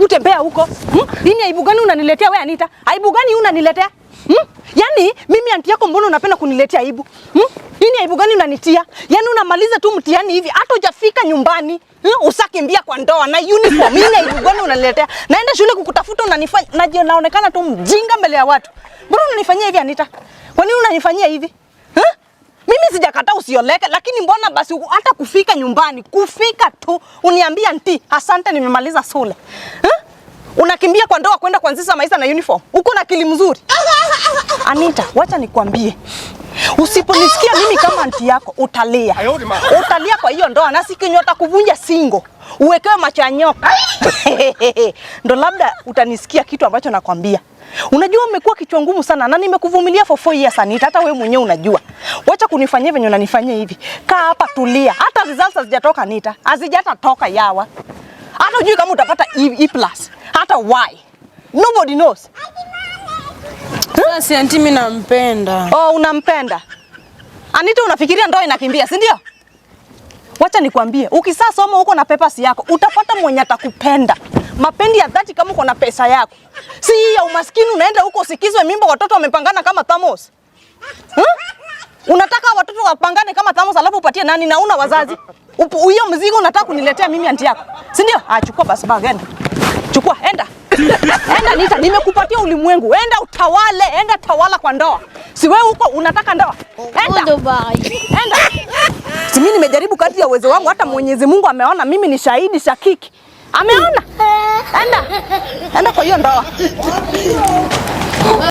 utembea huko hmm? Nini Aibu gani unaniletea wewe Anita? Aibu gani unaniletea? hmm? Yaani mimi anti yako, mbona unapenda kuniletea aibu? hmm? Nini aibu gani unanitia? Yaani unamaliza tu mtihani hivi hata hujafika nyumbani. Hmm? Usakimbia kwa ndoa na uniform. Nini aibu gani unaniletea? Naenda shule kukutafuta unanifanya naonekana tu mjinga mbele ya watu. Mbona unanifanyia hivi Anita? Kwa nini unanifanyia hivi? Mimi sijakataa usioleke, lakini mbona basi hata kufika nyumbani, kufika tu uniambia nti asante, nimemaliza shule huh? Unakimbia kwa ndoa kwenda kuanzisha maisha na uniform, uko na akili mzuri Anita, wacha nikwambie, usiponisikia mimi kama nti yako utalia, utalia kwa hiyo ndoa, na sikinyota kuvunja singo uwekewe macho ya nyoka ndo labda utanisikia kitu ambacho nakwambia. Unajua umekuwa kichwa ngumu sana na nimekuvumilia for 4 years Anita, hata wewe mwenyewe unajua. Wacha kunifanyia venye unanifanyia hivi. Kaa hapa tulia. Hata results hazijatoka Anita. Hazijata toka yawa. Hata unajui kama utapata E, e plus. Hata why? Nobody knows. Sasa, si anti mimi nampenda. Oh, unampenda. Anita, unafikiria ndoa inakimbia, si ndio? Wacha nikwambie, ukisaa soma huko na papers yako utapata mwenye atakupenda mapendi ya dhati, kama uko na pesa yako, si hii ya umaskini. Unaenda huko usikizwe mimba, watoto wamepangana kama thamos hmm? Unataka watoto wapangane kama thamos, alafu upatie nani? Na una wazazi hiyo mzigo unataka kuniletea mimi, anti yako, si ndio? Ah, chukua basi bag, enda chukua, enda enda, nita nimekupatia ulimwengu, enda utawale, enda tawala kwa ndoa. Si wewe huko unataka ndoa, enda enda. Mimi nimejaribu kati ya uwezo wangu, hata Mwenyezi Mungu ameona. Mimi ni shahidi shakiki, ameona. Enda enda kwa hiyo ndoa.